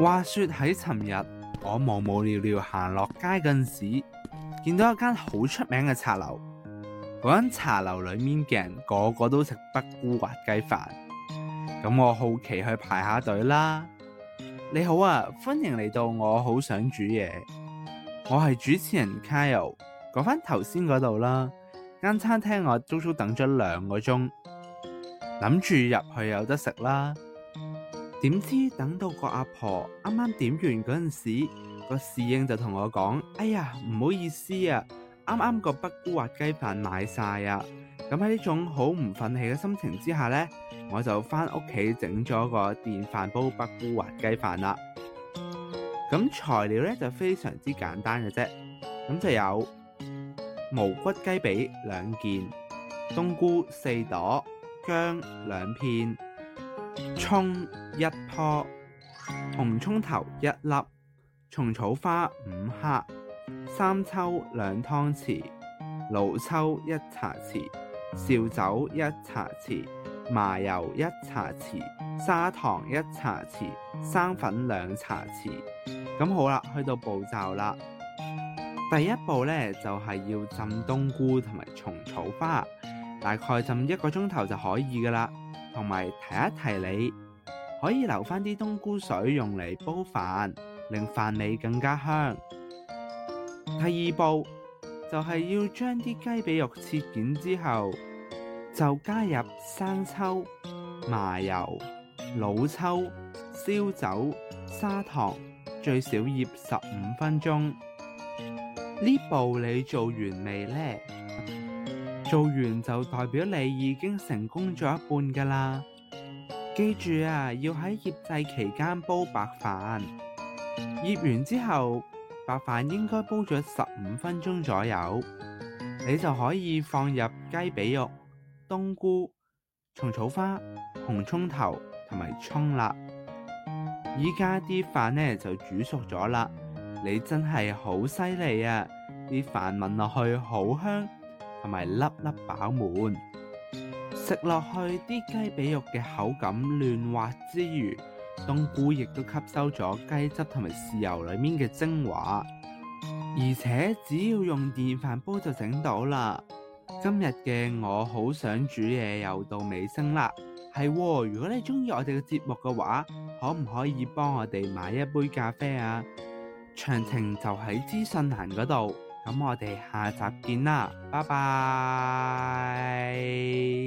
話說喺尋日，我無無聊聊行落街嗰陣時，見到一間好出名嘅茶樓。嗰間茶樓裏面嘅人個個都食北菇滑雞飯，咁我好奇去排下隊啦。你好啊，歡迎嚟到我好想煮嘢。我係主持人 Kyle。講返頭先嗰度啦，間餐廳我足足等咗兩個鐘，諗住入去有得食啦。點知等到個阿婆啱啱點完嗰陣時，個侍應就同我講：哎呀，唔好意思啊，啱啱個北菇滑雞飯賣晒啊！咁喺呢種好唔忿氣嘅心情之下呢，我就翻屋企整咗個電飯煲北菇滑雞飯啦。咁材料呢就非常之簡單嘅啫，咁就有無骨、骨雞髀兩件，冬菇四朵，薑兩片。蔥一棵，紅蔥頭一粒，蟲草花五克，三抽兩湯匙，老抽一茶匙，紹酒一茶匙，麻油一茶匙，砂糖一茶匙，生粉兩茶匙。咁好啦，去到步驟啦。第一步呢，就係、是、要浸冬菇同埋蟲草花，大概浸一個鐘頭就可以噶啦。同埋提一提，你可以留翻啲冬菇水用嚟煲飯，令飯味更加香。第二步就係要將啲雞髀肉切件之後，就加入生抽、麻油、老抽、燒酒、砂糖，最少醃十五分鐘。呢步你做完未呢？做完就代表你已經成功咗一半噶啦！記住啊，要喺醃製期間煲白飯，醃完之後白飯應該煲咗十五分鐘左右，你就可以放入雞髀肉、冬菇、蟲草花、紅葱頭同埋葱啦。依家啲飯呢，就煮熟咗啦，你真係好犀利啊！啲飯聞落去好香。同埋粒粒飽滿，食落去啲雞髀肉嘅口感嫩滑之餘，冬菇亦都吸收咗雞汁同埋豉油裏面嘅精華。而且只要用電飯煲就整到啦。今日嘅我好想煮嘢又到尾聲啦，係喎，如果你鍾意我哋嘅節目嘅話，可唔可以幫我哋買一杯咖啡啊？詳情就喺資訊欄嗰度。咁我哋下集見啦，拜拜。